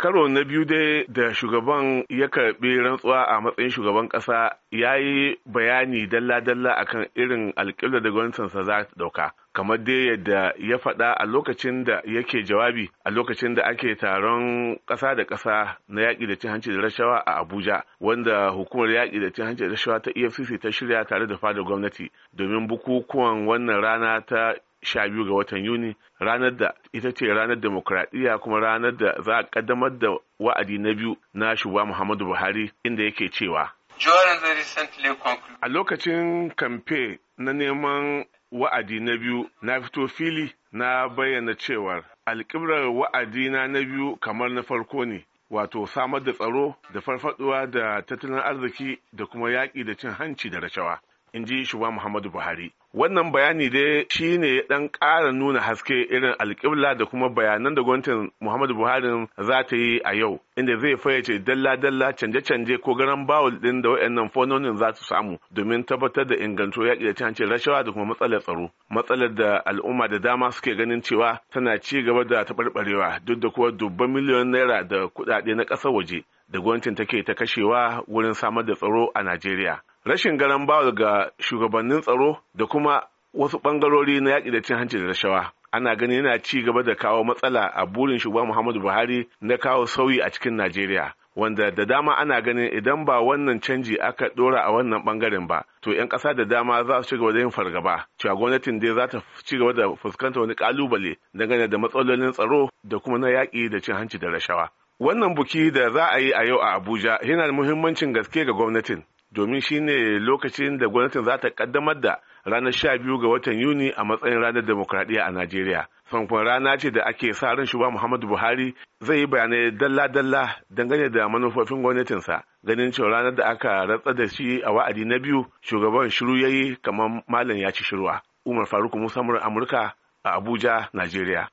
karo na biyu dai da shugaban ya karbi rantsuwa a matsayin shugaban kasa ya yi bayani dalla-dalla akan irin alƙibla da gwamnatinsa za ta dauka kamar dai yadda ya faɗa a lokacin da yake jawabi a lokacin da ake taron ƙasa da ƙasa na yaƙi da cin hanci da rashawa a Abuja wanda hukumar yaƙi da cin hanci da rashawa ta EFCC ta shirya tare da fadar gwamnati domin bukukuwan wannan rana ta sha biyu ga watan yuni ranar da ita ce ranar demokradiyya kuma ranar da za a kaddamar da wa'adi na biyu na shugaba muhammadu buhari inda yake cewa a lokacin kamfe na neman wa'adi na biyu na fito fili na bayyana cewar alkibrar na na biyu kamar na farko ne wato samar da tsaro da farfaduwa da tattalin arziki da kuma yaƙi da cin hanci da rashawa in ji shugaba muhammadu buhari wannan bayani dai shine ya dan ƙara nuna haske irin alƙibla da kuma bayanan da gwamnatin muhammadu buhari za ta yi a yau inda zai fayyace dalla-dalla canje-canje ko garan bawul din da waɗannan fononin za su samu domin tabbatar da inganto yaƙi da cancin rashawa da kuma matsalar tsaro matsalar da al'umma da dama suke ganin cewa tana ci gaba da taɓarɓarewa duk da kuwa dubban miliyon naira da kuɗaɗe na ƙasar waje da gwamnatin take ta kashewa wurin samar da tsaro a najeriya rashin garan bawa ga shugabannin tsaro da kuma wasu bangarori na yaƙi da cin hanci da rashawa ana ganin yana ci gaba da kawo matsala a burin shugaban muhammadu buhari na kawo sauyi a cikin najeriya wanda da dama ana ganin idan ba wannan canji aka dora a wannan bangaren ba to 'yan ƙasa da dama za su ci gaba da yin fargaba cewa gwamnatin dai za ta ci gaba da fuskantar wani kalubale dangane da matsalolin tsaro da kuma na yaƙi da cin hanci da rashawa wannan buki da za a yi a yau a abuja yana da muhimmancin gaske ga gwamnatin domin shine lokacin da gwamnatin za ta kaddamar da ranar sha biyu ga watan yuni a matsayin ranar demokradiyya a najeriya fanfan rana ce da ake sa ran shugaba muhammadu buhari zai yi bayanai dalla-dalla dangane da manufofin gwamnatinsa ganin cewa ranar da aka ratsa da shi a wa'adi na biyu shugaban shiru ya yi kamar malam ya ci shirwa umar faruk musa amurka a abuja najeriya